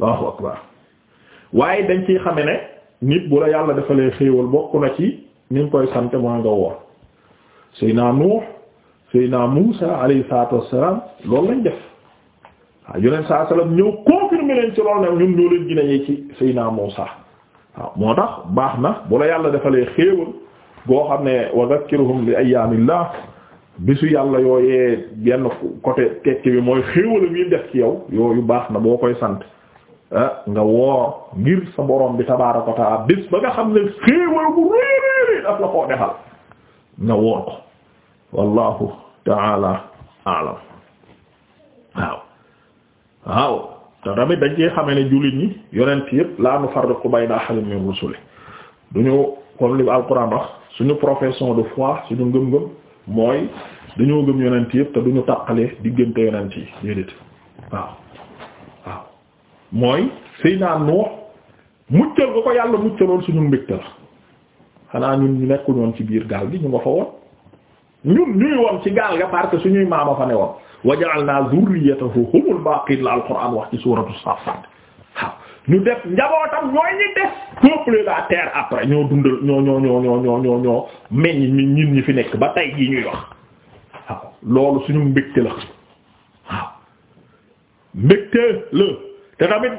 Allahu akbar waaye dañ ciy xame ne nit bu la yàlla defalee xéewal bokk na ci ni koy sant maa nga woor Seydina Nuux Seydina Muusa alayhi salaatu wassalaam loolu lañ def waaw yonent saa salaam ñëw confirmer leen ci loolu ne ñun ñoo leen gën a yee ci waaw moo tax baax na bu la yàlla defalee xéewal boo xam ne wa zakkiruhum bi ayyaamillah bisu yàlla yooyee benn côté tekki bi mooy xéewal bi def ci yow yooyu baax na boo koy sant Ah, nga woor ngir sa boroom bi tabaaraka wa taala bis ba nga xam ne xéewal bu réeréeri daf la koo defal nga woor ko wallahu taala alam waaw waaw te tamit dañ cee xamee ne jullit ñi yonent yëpp laa nufarriqu bayna ahadin min rusuli duñu comme li alquran wax suñu profession de foi suñu ngëm-ngëm mooy dañoo gëm yonent yëpp te ñu tàqale diggante yonent yi déedéet waaw mooy Seydina Nuux muccal nga ko yàlla muccaloon suñu mbégte la xanaa ñun ñu nekkul woon ci biir gaal bi ñu nga fa woon ñun ñuy woon ci gaal ga parce que suñuy maama fa ne woon waja'alna zurriyatahu humul baaqiin la alquran wax ci suuratu Saffaat waaw ñu def njabootam ñooy ñi def peupler la terre après ñoo dundal ñoo ñoo ñoo ñoo ñoo ñoo ñoo ñi ñi fi nekk ba tey jii ñuy wax waaw loolu suñu mbégte la waaw la te tamit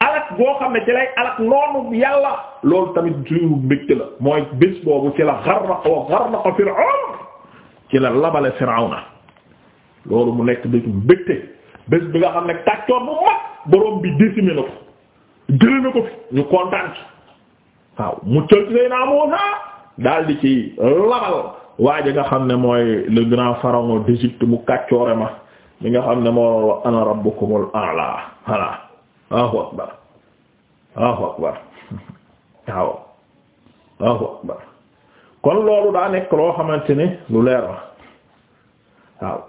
alak boo xam ne ci lay alak noonu yàlla loolu tamit suñu mbégte la mooy bés boobu ci la garraqa wa garraqa fir'aun ci la labale firawna loolu mu nekk bésu mbégte bés bi nga xam ne tàccoor bu mag borom bi décimé na ko jëlee na ko fi ñu kontaan ci waaw mu cël ci Seydina Muusa daal di ci labal waaye nga xam ne mooy le grand pharaon d'Égypte mu kàccoore ma mi nga xam ne moo ana rabbukumul a'la voilà Allahu akbar Allahu akbar waaw kon loolu daa nekk loo xamante ni lu leer la waaw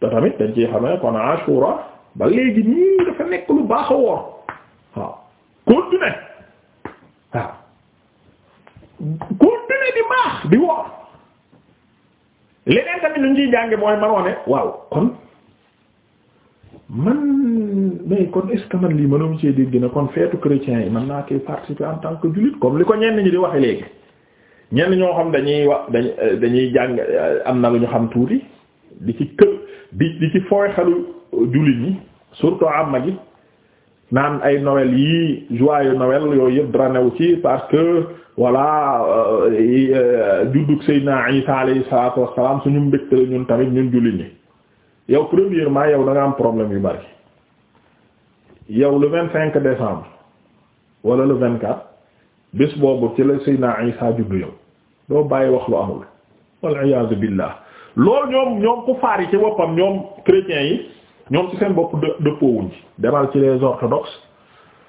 te tamit dañ ci xamee kon Ashura ba léegi nii dafa nekk lu baax a woor waaw continuer waaw continuer di baax di woor leneen tamit lu ñu jànge mooy manoo waaw kon man mais kon est lii mënoon cee dégg na kon feetu chrétien yi man naa koy participer en tant que jullit comme li ko ñenn ñi di waxe léegi ñenn ñoo xam dañuy wax dañ euh, dañuy jàng euh, am na lu ñu xam tuuti di ci kër di di ci fooy xelu euh, jullit ñi surtout amma gi naan ay Noël yi joyeux Noël yooyu yëpp dara ci parce que voilà juddug Seydina Isa alayhi salaatu wassalaam suñu mbégte la ñun tamit ñun jullit ñi. yow premièrement yow da nga am problème yu bari yow le vingt cinq décembre wala le vingt quatre bés boobu ci la Seydina Isa juddu yow doo bàyyi wax lu amul wal iyaazu billah loolu ñoom ñoom ku faar yi ci boppam ñoom chrétiens yi ñoom ci seen bopp dëppoowuñ ci demal ci les orthodoxes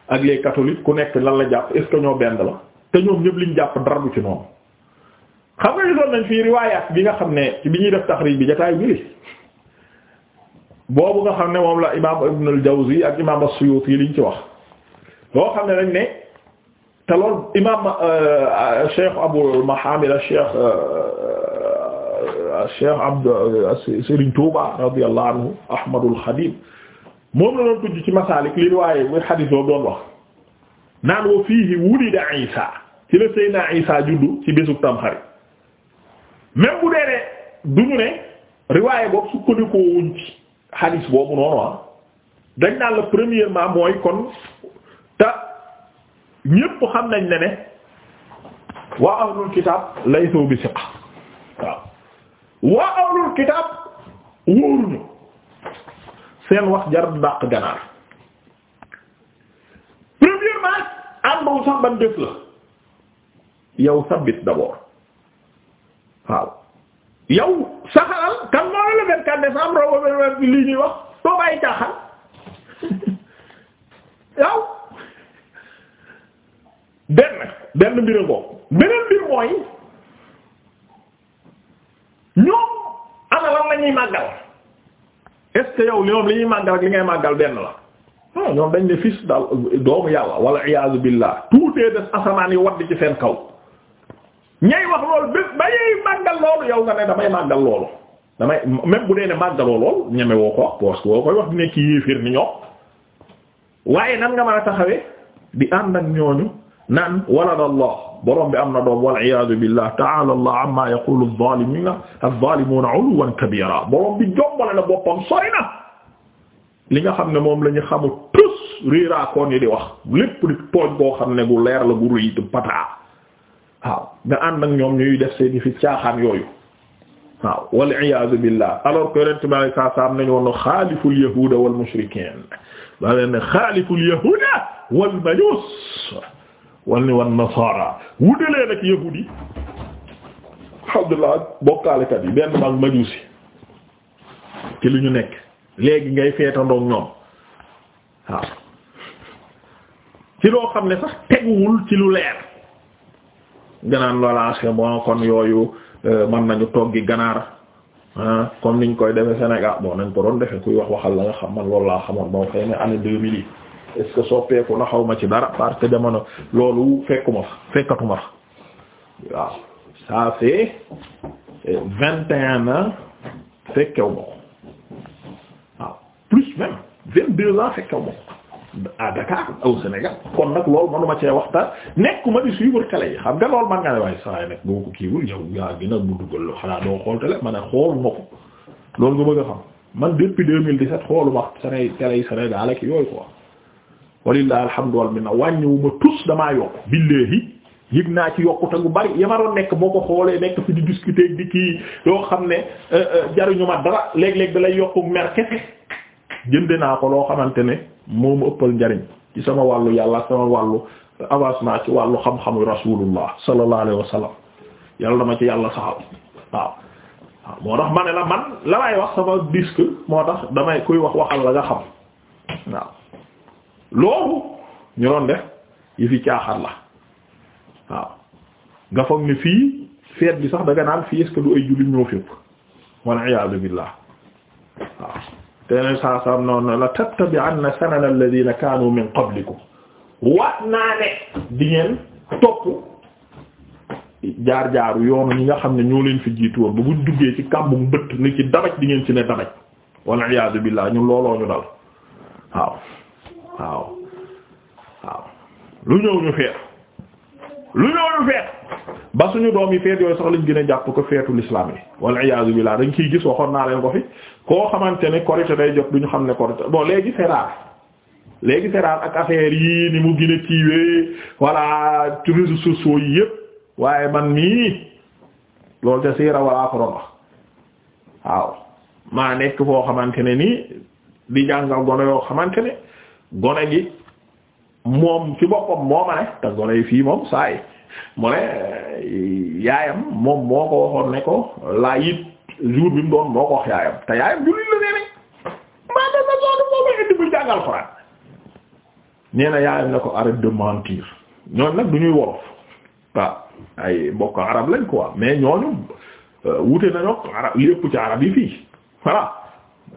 ak les catholiques ku nekk lan la jàpp est ñoo benn la te ñoom ñëpp liñ jàpp dara ci noonu xam nga gisoon nañ fii riwaayaat bi nga xam ne bi ñuy def taxriij bi jotaay boobu nga xam ne moom la imaam Ibn al-Jawzi ak imaam as-Suyuti liñ ci wax loo xam ne dañ ne te loolu imaam euh, Cheikh Abul Mahamid Cheikh euh, Cheikh Abd euh, anhu Ahmadul moom la doon ci Masalik li waaye muy xadiis boobu doon naan wa fiihi wulida Isa ci la Seydina Isa juddu ci bésub Tamxarit même bu ne du ne riwaayé boobu sukkandiku wuñ ci. hadis boobu noonu ah dañ naan la premièrement mooy kon te ñépp xam nañ ne ne waa ahlul kitab laysu bi siqa waaw waa ahlul kitab wóoruñu seen wax jar dàq ganaar premièrement àndul sax ban la yow sabit d'abord waaw yow saxalal kan moo la le 24 décembre roba lii ñuy wax doo bàyyi caaxaan yow benn benn mbir ngoo beneen mbir mooy ñoom ana lan màggal est-ce li moom li ñuy màggal ak li ngay màggal benn la ñoom dañ ne fils daal doomu yàlla wala iyaazu billah tuutee des asamaan yi wadd ci seen kaw ñay wax loolu bés ba ñuy màggal loolu yow nga ne damay màggal loolu damay même bu dee ne ñeme woo ko wax parce que woo ne kii ni ñoo waaye nan nga mën a di ànd ak ñooñu naan walad allah bi am na doom wal iyaadu billah ta'ala allah amma yaqulu adh-dhalimuna adh-dhalimuna kabira borom bi jombale la boppam sori li nga xam ne moom la ñu xamul tous riiraakoon yi di wax lépp di tooj boo xam ne gu leer la gu pataa waaw nga ànd ak ñoom ñuy def seeni fi caaxaan yooyu waaw wal iyaazu billah alors que yonent bi sallallahu alayhi wasallam nañu woon xaaliful yahuuda wal mushrikiin daa leen ne xaaliful yahuuda wal majuus wal ni wan nasaara wutelee nag yahuud yi alhamdulillah bokkaalekat yi benn mag majuusi ci lu ñu nekk léegi ngay feetandoog ñoom waaw ci loo xam ne sax teguwul ci lu leer ganaan lolancé bon kon yooyu euh, mën nañu toggi ganaar ah comme niñ koy defee senegal bon nañ ko doon defee kuy wax waxal la nga xam man loolu laa xamoon bon xëy na année deux mille yi est-ce que soppeeku na xaw ma ci dara parce que jamono loolu fekkuma fekkatuma waaw ça fait vingt et un fekkew ma ko plus même vingt deux ans fekkew ma ko à aw au kon nag loolu manuma cee waxtaan nekkuma di suivre télé yi xam nga loolu man nga ne waaye saa yi boo ko kiiwul yow yaa gën a mu duggal loo xanaa doo xool télé ma ne xooluma ko loolu nga bëgg a xam man depuis 2017 xooluma Séné télé yi Sénégal ak yooyu quoi. walillahi alhamdu wal minna wàññiwuma tous damaa yokk billahi yëg naa ci yokkute gu bari yamaroon nekk boo ko xoolee nekk fi di discuter di kii yoo xam ne euh, euh, jaruñu ma dara léeg-léeg da jënde naa ko loo xamante ne moo ëppal njariñ ci sama wàllu yàlla sama wàllu avancement ci wàllu xam-xamu rasulullah sallallahu alayhi wa sallam yàlla dama ci yàlla saxal waaw moo tax ma ne la man la may wax sama disque moo tax damay kuy wax waxal la nga xam waaw loolu ñu doon def yi fi caaxar la waaw nga foog ni fii feet bi sax da nga naan fii est ay jullit ñoo fépp wal iyaadu waaw teen saa saa noonu ne la tattabi'anna sanana alladhina kaanu di ngeen topp jaar jaaru yoonu ñi nga xam ne ñoo leen fi jiitu woon ba buñ duggee ci kàmbum bëtt ni ci dabaj di ngeen ci ne dabaj walla iyaazu billaah ñun looloo ñu dal waaw waaw waaw lu ñëw ñu feer lu ñooñu feet ba suñu doom yi feet yooyu sax lañ gën a jàpp ko feetu l'islam yi wal iyaazu billaah dañ ciy gis waxoon naa leen ko fi koo xamante ne korité day jot ñu xam ne ko bon léegi c'est rare léegi c'est ak affaire yi ni mu gën a kiiwee voilà ci réseaux sociaux yi yëpp waaye man mii loolu te siira walaa ko doon waaw maa nekk foo xamante ne nii di jàngal gone yoo xamante ne gone gi moom ci boppam moo ma ne te gone fii moom saa yi mu ne yaayam moom moo ko waxoon ne ko laa it jour bi mu doon moo ko wax yaayam te yaayam na yaayam ne ko arrête de mentir ñooñu nag du ñuy wolof waaw ay mbokk arab lañ quoi mais ñooñu euh, wute nañoo arab li ci arab yi fii voilà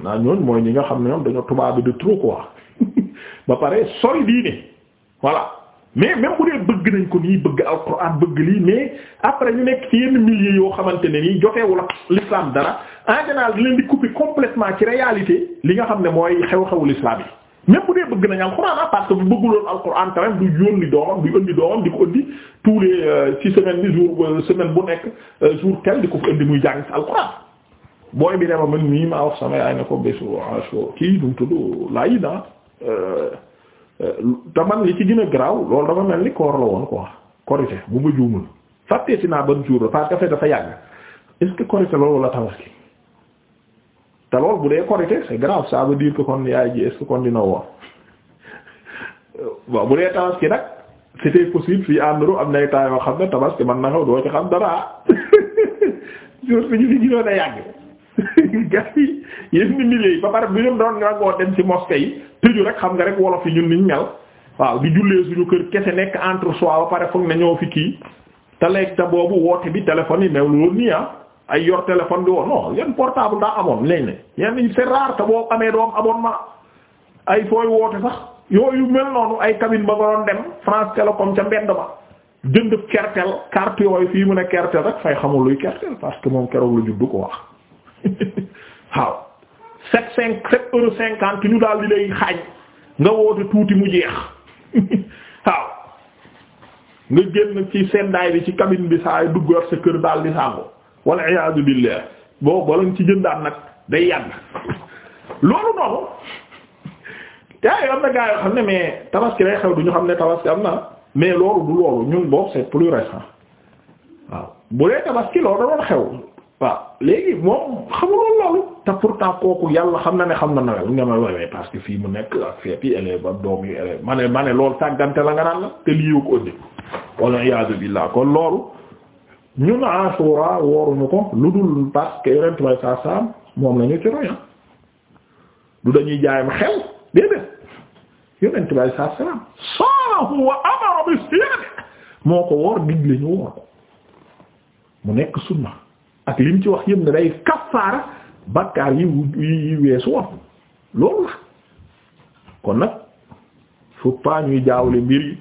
naa ñooñu mooy ñi nga xam ne ñoom dañoo tubaab bi de trop quoi ba pare sori diine. voilà mais même bu dee bëgg nañ ko nii bëgg alquran bëgg lii mais après ñu nekk ci yenn milieu yoo xamante ne nii jotewul ak l'islam dara en général di leen di couper complètement ci réalité li nga xam ne mooy xew-xewu l'islam yi même bu dee bëgg nañ alquran ah parce que bu bëgguloon alquran quand même du yónni doomam du indi doomam di ko indi tous les euh, six semaines bi jour euh, semaine bu nekk euh, jour tel di ko indi muy jàng ci alquran booy bi ne ma man mii maa wax sama yaay ne ko bésu ashura kii du mu tudd laa ah, yi Euh, te man li ci gën a garaaw loolu dafa mel ni koor la woon quoi korite bu ma juumul fàttee si naa ban jour la parce que dafa yàgg est-ce que korite loolu wala te loolu bu dee korite c'est grave ça veut dire que kon yaay ji est-ce que kon dina woor waaw bu dee tabaski nag c'était possible fii ànduru am nay temps yoo xam ne tabaski man na xew doo ci xam dara jour bi ñu fi yàgg gas yi yéen ni milliers yi ba pare bi ñun doon rangoo dem ci mosquée yi tëju rek xam nga rek wolof yi ñun niñ mel waaw di jullee suñu kër kese nekk entre soi ba pare foog na ñoo fi kii te léegi te boobu woote bi téléphone yi mewul woon nii ah ay yor téléphone bi woon non yan portable daa amoon léegi ne yenn c'est rare te boo amee doom ma ay fooy woote sax yooyu mel noonu ay cabine ba nga doon dem France Télécom ca mbedd ba jënd kertel carte yooyu fii mu ne kertel rek fay xamul luy kertel parce que moom keroog la juddu ko wax waaw sept cinq sept euro cinquante ñu daal di lay xaañ nga woote tuuti mu jeex waaw nga génn ci seddaay bi ci cabine bi saa dugg sa kër daal di sangu walla iyaadu billaah boo balañ ci jëndaan nag day yàgg loolu noonu gaa am na gaa yoo xam ne mais tabaski day xew du ñu xam ne tabaski am na mais loolu du loolu ñun boobu c'est plus récent waaw bu dee tabaski loolu da xew léegi moom xamuloon loolu te pourtant kooku yàlla xam na ne xam na nawet nga may woowee parce fii mu nekk ak feet yi élève ba doom yi élève ma ne ma ne loolu tàggante la nga naan la te lii yoo ko ëndi walla iyaazu billaah kon loolu ñun Ashura wooruñu ko lu dul parce que saa saam moom lañu ci roya du dañuy jaayam xel déedéet yonent saa saam saahu wa amara bi siyaam moo ko woor digle ñu woor mu nekk sunna ak lim ci wax yëpp ne day kaffaara bakkaar yi yi weesu woon loolu la kon nag faut pas ñuy jaawle mbir yi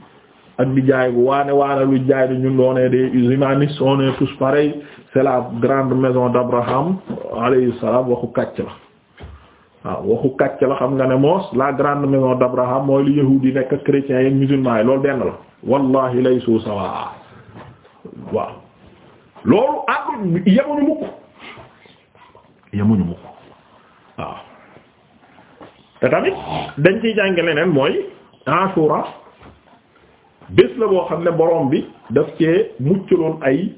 ak di jaay bu waane waane lu jaay di ñun doonee des humanistes on est tous pareils c'est la grande maison d'Abraham alayhi waxu kàcc la waaw waxu kàcc la xam nga ne moos la grande maison d'Abraham mooy li yahuud yi nekk chrétiens yi musulmans yi loolu benn la wallahi laysu sawaa waaw loolu àdduna yemuñu mukk yemuñu mukk waaw te tamit dañ ciy jànge leneen mooy Ashura bés la boo xam ne borom bi def cee muccaloon ay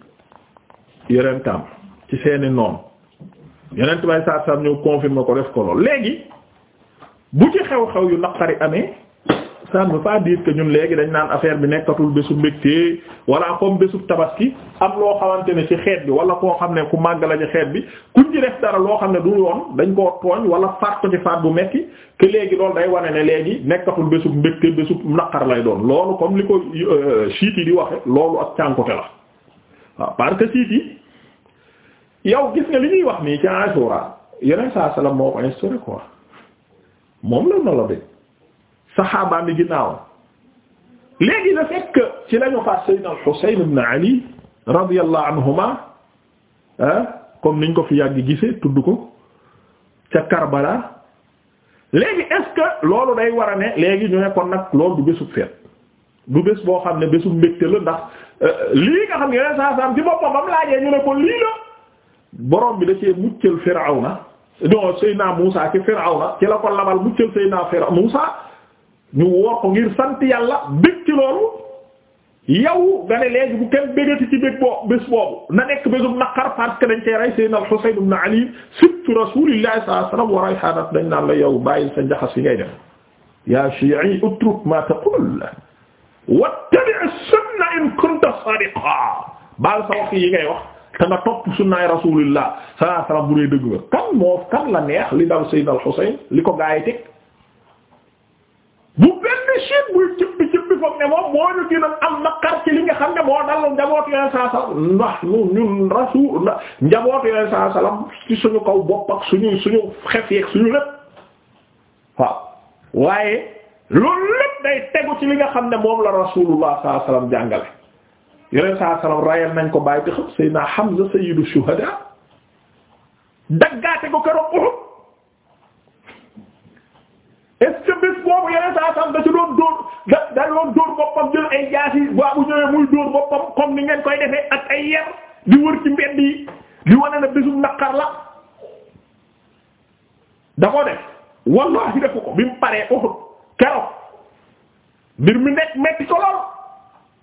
yonentam ci seeni noon yonent bay saat saat ñëw confirmer ko def ko lool léegi bu ci xew-xew yu naqari amee ça ne veut pas dire ñun léegi dañ naan affaire bi nekkatul bésu mbégte wala comme bésu tabaski am loo xamante ne ci xeet bi wala koo xam ne ku màgg la ci xeet bi kuñ ci def dara loo xam ne du yoon dañ koo tooñ wala faat ko ci faat bu metti que léegi loolu day wane ne léegi nekkatul bésu mbégte bésu naqar lay doon loolu comme li ko euh, siit yi di waxe loolu ak cànkute la waaw parce que yow gis nga li ñuy wax nii ci Ashura yeneen saa salaam moo ko saxaabaam bi ginnaawam léegi da fekk ci lañu faat Seydina al-Husayn ibn Ali radiyallahu anhuma ah comme ko fi yàgg gise tudd ko ca Karbala léegi est loolu day war a ne léegi ñu ne kon nag loolu du bésub feet du bés boo xam ne bésub mbégte ndax euh, lii nga xam ne saa saam ci boppam ba laajee ñu ne kon lii la borom bi da cee muccal Firawna non Seydina Muusa ci Firawna ci la ko labal muccal Seydina Firawna Muusa ñu woor ko ngir sant yàlla bég ci loolu yow nga ne léegi bu kenn bégati ci bég boo bés boobu na nekk bésub naqar parce que dañ cey rey Ali sibtu rasulillahi sallallahu alayhi wasallam wa rayhanat dañ naan la yow bàyyil sa yi ngay def ya shi'i utruk ma taqul wattabi' sunna in kunta sadiqan baal sa wax yi ngay wax bu dee dëgg nga kan moo kan la neex li dal sayyidina al bu benn chine buy cëppi cëppi foog ne moom moo ñu gën a am naqar ci li nga xam ne moo dal njabootu yooyu saa salaam ndax ñun rasul njabootu yooyu saa salaam ci suñu kaw bopp ak suñu suñu xef yeeg suñu lépp waaw waaye loolu lépp day tegu ci li nga xam ne moom la rasulullah saa salaam jàngale yooyu saa salaam rayal nañ ko bàyyi te xam Seydina Hamza sayyidu shuhada daggaate ko keroog Uhud boobu yeneen saa sam da ci doon dóor da da doon dóor boppam jël ay jaasi waa bu ñëwee muy dóor boppam comme ni ngeen koy defee ak ay yer di wër ci mbedd yi di wane na bésum naqar la da ko def wallahi defu ko bi mu paree keroog mbir mi nekk metti ko lool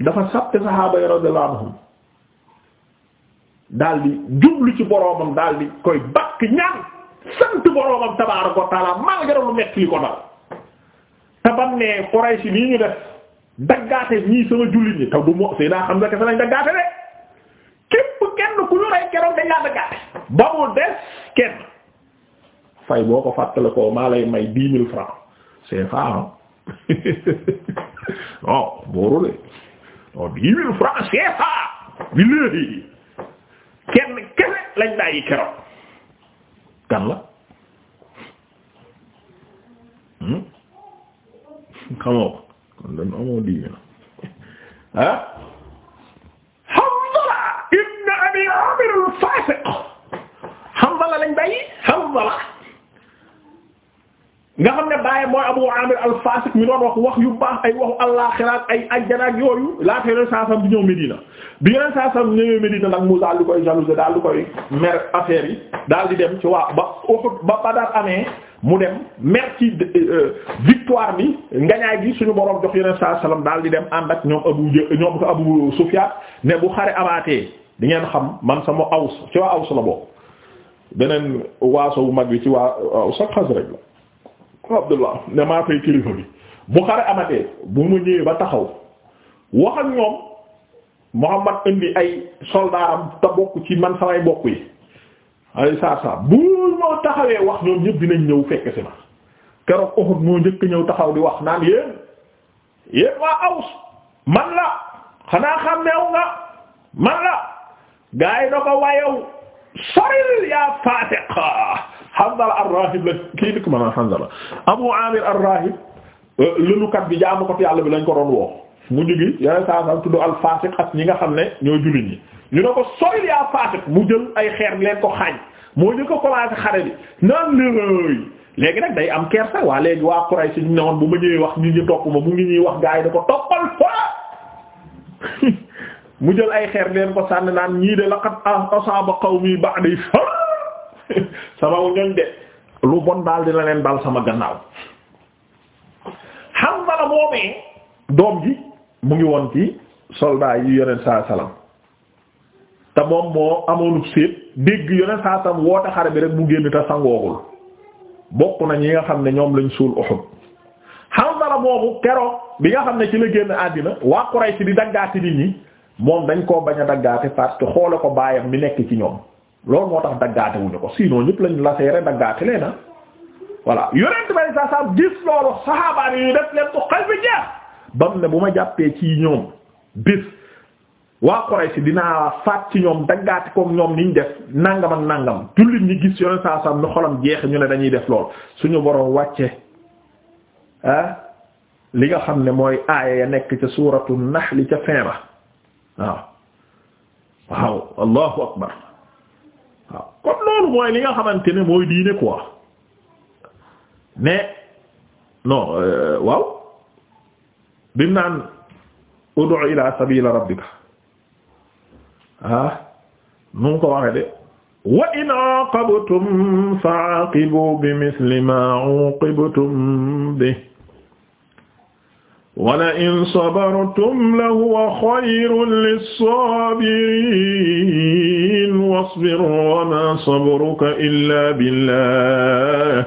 dafa sabte sahaaba yi radiyallahu anhum di jublu ci boroomam dal di koy bakk ñaan sant boroomam tabaaraka wa taala malgré lu metti ko dal bam ne Quraysh nii ñu def daggaate ñii sama jullit ñi taw du mo sëy naa xam nga kese lañ daggaate de képp kenn ku ñu rey keroog dañ laa daggaate ba des kenn fay boo ko fàttale ko maa lay may dix mille francs c'est ça non boorule non dix mille francs c'est ça bi léegi kenn kese lañ daa yi keroog kan la xamoo ko kon dañu amoo ah? fasiq Hanzala lañ bàyyi Hanzala nga xam ne bàyyi mooy Abu Amir al-Fasiq mi doon wax wax yu baax ay waxu àllaaxira ak ay ajjana ak yooyu laata yeneen saa sam di ñëw Medina bi yeneen saa sam ñëwee Medina nag mu daal di koy jalouse daal di koy mer affaire yi daal di dem ci waa ba Uhud ba Badar amee mu dem mer ci euh, victoire bi ngañaay gi suñu borom jox yeneen saa salaam daal di dem ànd ak ñoom Abu Jë ñoom Abu Sufyaan ne bu xare amaatee di ngeen xam man sama Aws ci waa Aws la bokk beneen waaso bu mag bi ci waa Aws ak Xasraj la. Abdullah ne maa fay kilifa bi bu xare amatee bu mu ñëwee ba taxaw wax ak ñoom Muhammad indi ay soldaaram te bokk ci man samay bokk yi ay saa saa bu ñoo taxawee wax ñoom ñëpp dinañ ñëw fekk si ma keroog Uhud moo njëkk ñëw taxaw di wax naan yéen yéen waa Aws man la xanaa xam neew nga man la gaa yi da wayew soril yaa faatiqa Hanzala ar-Rahib la kii dëkk ma naan Hanzala Abu Amir ar-Rahib euh, lëlukat bi jaamu ko yàlla bi lañ ko doon woo mu jógi yeneen saa saa tudd al-Fasiq ak ñi nga xam ne ñoo jullit ñi ñu ne ko sori yaa Fasiq mu jël ay xeer leen ko xaañ moo ñu ko commencé xare bi naan lërëy léegi nag day am kersa waa léegi waa Quraysh ñu ne woon bu ma ñëwee wax nit ñi topp ma mu ngi ñuy wax gaa yi da ko toppal fa mu jël ay xeer leen ko sànni naan ñii de laqad asaba qawmi ba'di sama ñoñ de lu bon daal dina leen dal sama gannaaw Hanzala moomee doom ji mu ngi woon ci soldat yi yoneen saa salaam te moom moo amoon séet dégg yoneen saa salaam woote xare bi rek mu génn te sangoogul bokk nañ yi nga xam ne ñoom lañ suul Uhud Hanzala moomu keroog bi nga xam ne ci la génn àddina waa Quraysh di daggaati nit ñi moom dañ koo bañ a daggaati parce que xoole ko baayam mi nekk ci ñoom loolu moo tax daggaate wuñu ko sinon ñëpp lañ la seere daggaate leen ah voilà yonent bay saa saa gis loolu saxaabaan yi def leen ko xel bi jeex bam ne bu ma jàppee ci ñoom bis waa Quraysh dinaa faat ci ñoom daggaati koog ñoom niñ def nangam ak nangam jullit ñi gis yonent saa saa nu xolam jeex ñu ne dañuy def lool suñu borom wàcce ah, li nga xam ne mooy aaya ya nekk ca suuratu nahl ca fin ba waaw waaw allahu akbar waaw kon loolu mooy li nga xamante ne mooy diine quoi mais non euh, waaw bi mu naan ud'u ila sabila rabbika ah nu mu ko waxe de wa in aqabtum fa'aqibu bi misli ma uqibtum bi wala in sabartum la huwa xayrun lissaabiriin wasbir wa maa sabruka illaa billah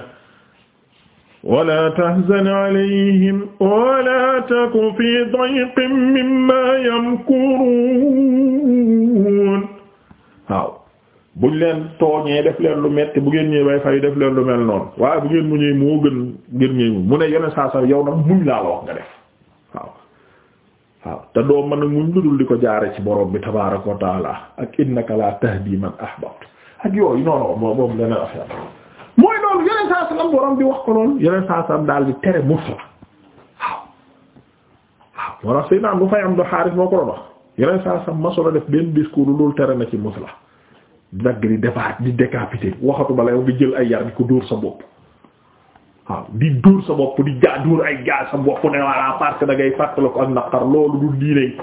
wala tahzan alayhim wala taku fii dayqin mimmaa yamkuruun waaw buñ leen tooñee def leen lu metti bu ngeen ñëwee bay fay def leen lu mel noonu waaye bu ngeen muñee moo gën ngeen ñëw mu ne yenn saa saa yow nag muñ laa la wax nga def. waaw te doo man a muñ ludul di ko jaare ci borom bi tabaaraka wa taala ak innaka la tahdi man ahbabta ak yooyu noonu moom moom leneen affaire mooy noonu yeneen saa yeneen saa salaam daal di tere bu fay am moo ko doon wax yeneen masolo def benn discours loolu tere na ci musla dagg di defaat di décapité waxatu bala yow nga jël ay yar di ko dóor sa bopp. waaw di dóor sa bopp di jaa ay jaa sa bopp ne walla parce ngay fàttali ko ak naqar loolu du diine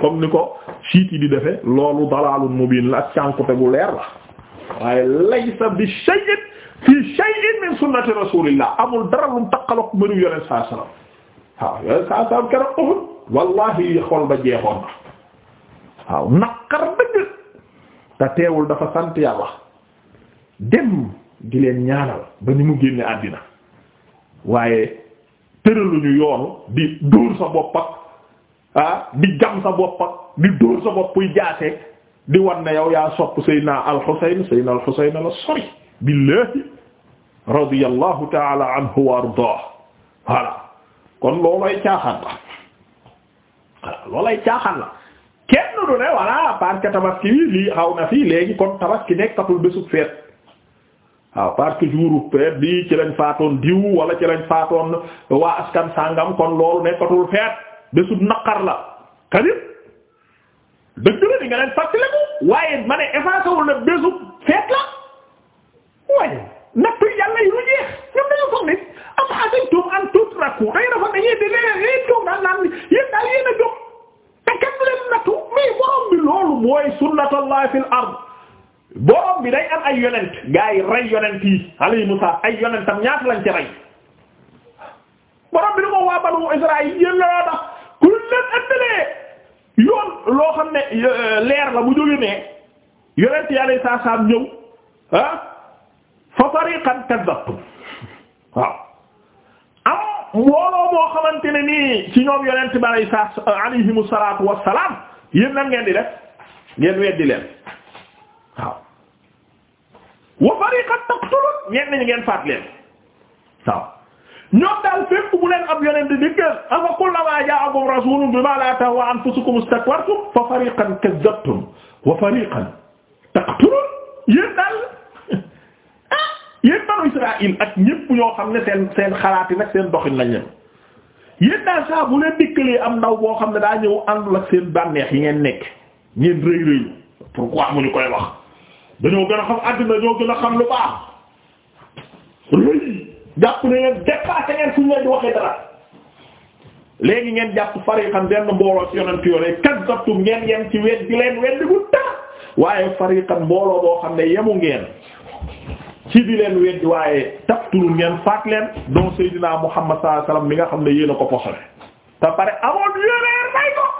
comme ni ko siit yi di defe loolu dalaalun mubiin la ak cànkute bu leer la waaye laysa bi shay'in fii shay'in min sunnati rasulillah amul dara lu mu taqaloo ak mënu yore saa salaam waaw yore saa salaam keroog Uhud wallahi xol ba jeexoon na waaw naqar dëgg te teewul dafa sant yàlla dem di leen ñaanal ba ni mu génne àddina waaye tëraluñu yoonu di dóor sa boppa ak ah, di jam sa bopp di dóor sa bopp buy jaasee di wan ne yow yaa sopp Seydina al-Husayn Seydina al-Husayn al-Asri billahi radiyallahu ta'ala anhu wa ardaah voilà kon loolay caaxaan la voilà loolay caaxaan la kenn du ne voilà parce que tabaski lii xaw na fii léegi kon tabaski nekkatul bésub feet waaw parce que jour pet bi ci lañ faatoon diw wala ci lañ faatoon waa askan sàngam kon loolu nekkatul feet bésub naqar la kadib dëgg la di nga leen fàttali waaye ma ne effacé wul na bésub feet la waaye nattu yàlla yu jeex ñoom dañoo foog ne am hasibtum an tutraku day dafa dañuy de daal naan a jóg te kenn leen nattu mais borom loolu mooy sunnatullahi fil ard borom bi day am ay yonent gaa yi rey yonent yi alayhi ay yonentam ñaata lañ ci rey borom bi da ko waa banu Israël yéen la yoo tax ku yoon loo xam ne euh, leer la bu jógee nee yonent yàlla saa saam ñëw ah fa fariqan kazzabtum waaw am moo xamante ne nii ci ñoom yonent bi alayhi salaatu wa salaam yéen nan geen di def ngeen weddi leen. waaw wa fariqan taqtulun ñenn ñi ngeen faat leen waaw ñoom daal fépp bu leen ab yonent diggal afa kullamaa jaa'akum rasuulun bimaa laa tahwaa anfusukum istakbartum fa fariqan kazzabtum wa fariqan taqtulun yéen daal ah yéen banu Israaïl ak ñépp ñoo xam ne seen seen xalaat yi nag seen doxin lañ leen yéen daal saa bu leen dikkalee am ndaw boo xam ne daa ñëw àndul ak seen bànneex yi ngeen nekk ngeen rëy rëy pourquoi mu ñu koy wax. dañoo gën a xam àdduna ñoo gën a xam lu baax léegi jàpp ne ngeen dépassé ngeen fu ñu leen di waxee dara léegi ngeen jàpp fariqan benn mbooloo ci yonent yoolee kazzabtum ngeen yem ci wet di leen weddi waaye fariqan mbooloo boo xam ne yemu ngeen ci di leen weddi waaye taqtulun ngeen faat leen donc Seydina Muhammad sallallahu alayhi wasallam mi nga xam ne yéen a ko posone te pare amoon yéenee rey ko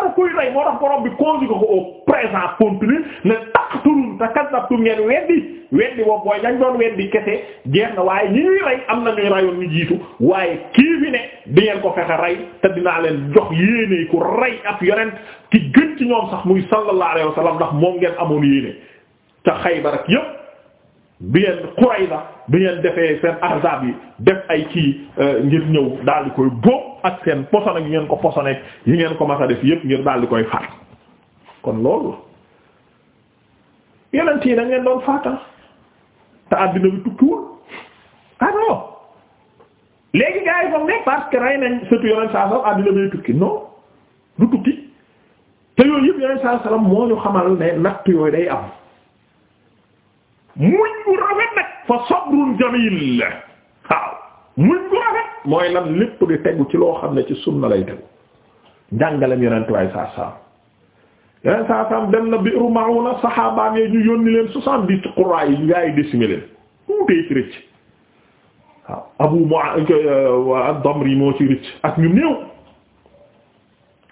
xaaru kuy rey moo tax borom bi conjugué ko au présent continu ne taqtulun te kazzabtum ngeen weddi weddi boobu booy dañ doon weddi kese jeex na waaye ñi rey am na ñuy reyoon ñu jiitu waaye kii bi ne di ngeen ko fexe rey te dinaa leen jox yéene ku rey ab yonent ki gën ci ñoom sax muy sallallahu alayhi wa sallam ndax moom ngeen amoon yéene te Xaybar ak yépp bi ngeen Qurayza bi ngeen defee seen ahzaab yi def ay kii euh, ngir ñëw daal di koy bóob ak seen poson ak yi ngeen ko posoneek yi ngeen ko mas a def yépp ngir daal koy faat kon loolu yonent yi nag ngeen doon faata te àddina bi tukkiwul ah non léegi gars yi foog ne parce que rey nañ surtout yonent saa salaam àddina bi tukki non du tukki te yooyu yëpp yonent saa salaam moo ñu xamal ne natt yooyu day am. muñ bu rafet nag fa sabrun jamil waaw muñ bu rafet mooy lan lépp di tegu ci loo xam ne ci sunna lay tegu njàngalem yonent waaye saa saam yeneen saa saam dem na biiru Ma'una saxaabaam yi ñu yónni leen soixante-dix Qurra yi gaa yi décimé leen tuutee ci rëcc waaw Abu Mu'aaz euh, ad-Damri moo ci rëcc ak ñu néew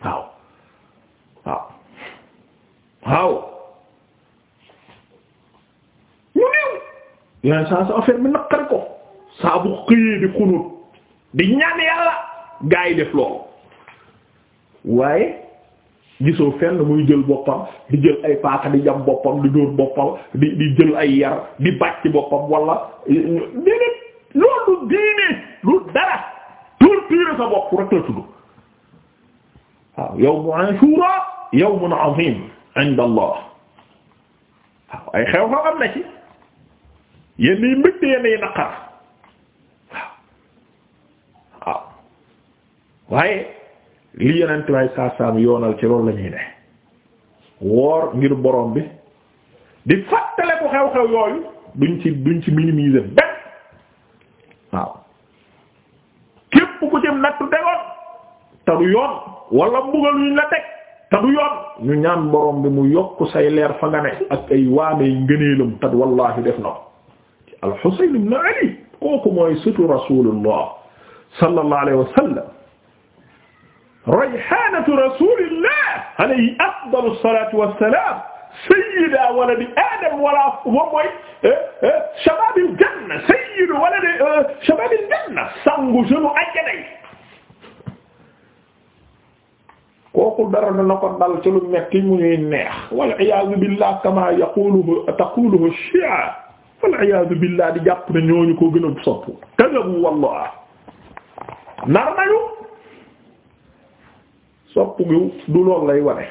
waaw waaw yeneen saa sa affaire bi naqari ko saa bu xëyee di xunut di ñaan yàlla gaa yi def loolu waaye gisoo fenn muy jël boppam di jël ay paaka di jam boppam di dóor boppam di di jël ay yar di bàcc boppam wala déedéet loolu diine lu dara torturer sa bopp rek la tudd waaw yawmu ashura yawmun azim inda allah waaw ay xew xew am na ci yenn yi mbëgg yenn yi naqar waaw waaye li yenent way saasaam yoonal ci loolu la ñuy ne woor ngir boroom bi di fàttale ko xew-xew yooyu duñ ci duñ ci minimiser benn waaw képp ku ci nattu degoon te du yoon wala mbugal yuñ la teg te yoon ñu ñaan borom bi mu yokk say leer fa nga ne ak ay waamee ngëneelam tat wallahi def na al-Husayn ibn Ali kooku mooy sëtu Rasulullah sallallahu alayhi wa sallam rayhanatu rasulillah alayhi afdalu salatu wassalam sayyida waladi adam wala moom mooy eh, eh, shababil janna sayyidu waladi eh, shababil janna sangu jeune ajjanay kooku dara na ko dal ci lu metti mu ñuy neex wal iyaazu billah kama yaquluhu taquluhu shi'a wal iyaadu billaah di jàpp ne ñu ko gën a sopp kadabu wallah nar nañu sopp gi du loolu lay wane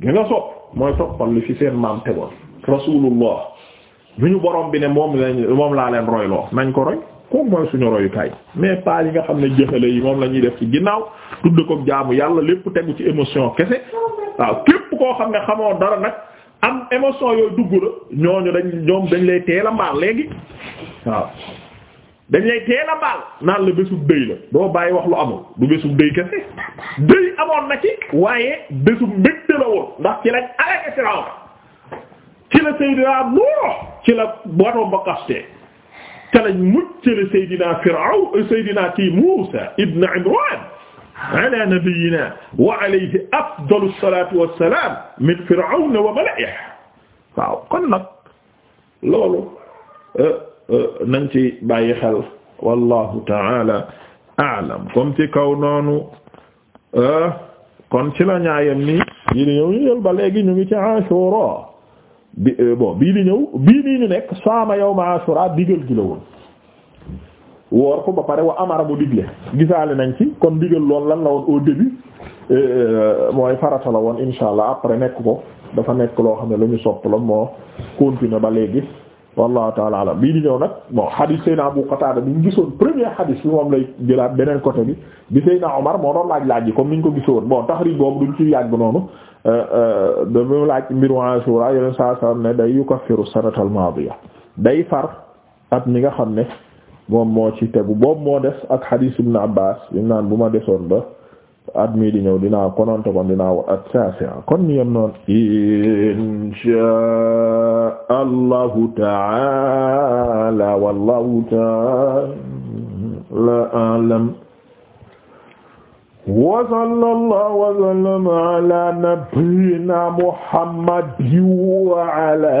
gi nga sopp mooy toppal li fi seen maam tegoon rasulullah lu ñu borom bi ne moom moom laa leen royloo nañ ko roy kooku mooy suñu royukaay mais pas yi nga xam ne jëxale yi moom la ñuy def ci ginnaaw tudd ko jaamu yàlla lépp tegu ci émotion kese waaw képp koo xam ne xamoo dara nag am émotion yooyu dugg la ñooñu dañ ñoom dañ lay teel a mbaal léegi waaw dañ lay teel a mbaal naan la bésub dëy la doo bàyyi wax lu amul du bésub dëy kese dëy amoon na ci waaye bésub mbégte la ndax ci lañ aleke siraw ci ci la borom ba kaste te lañ muccale Seydina Firaw Seydina kii Muusa ibn Imraan ala nabiyyina wa alayhi afdalu salaatu wa salaam min Firawna wa mala'ihi waaw kon nag loolu eh, eh, nañ ci bàyyi xel wallahu ta'ala a'lam comme ci kaw noonu eh, kon ci la ñaayam ni bii di ñëw ñu jël ba léegi ñu ngi ci Ashura bi bon bii di ñëw bii nii ñu nekk saama yawma Ashura digal gi la woon woor ko ba pare wa amara mu digle gisaale nañ ci kon digal lool lan la woon au début euh, mooy farata la woon insha allah après nekk ko dafa nekk loo xam ne lu ñu sopp la moo continuer ba léegi wallahu taala alam bii di ñëw nag bon hadith Seyna Abu Qatada bi ñu gisoon premier hadith bi moom lay jëlaat beneen côté bi bi Seyna Omar moo doon laaj laaj yi comme ni ñu ko gisoon bon taxrib boobu duñ ci yàgg noonu euh, euh, damu laaj mbir Ashura yeneen saa saa ne day yukaffiru day far mi nga xam ne moom moo ci boobu moo des ak hadith ibn Abbas bu ma desoon ba at mii di ñëw dinaa kononte kon dinaa wa at saa kon ñu yem noonu insha allahu taala wallahu taala alam wa sallallahu wa sallama ala nabiyyina muhammadin wa ala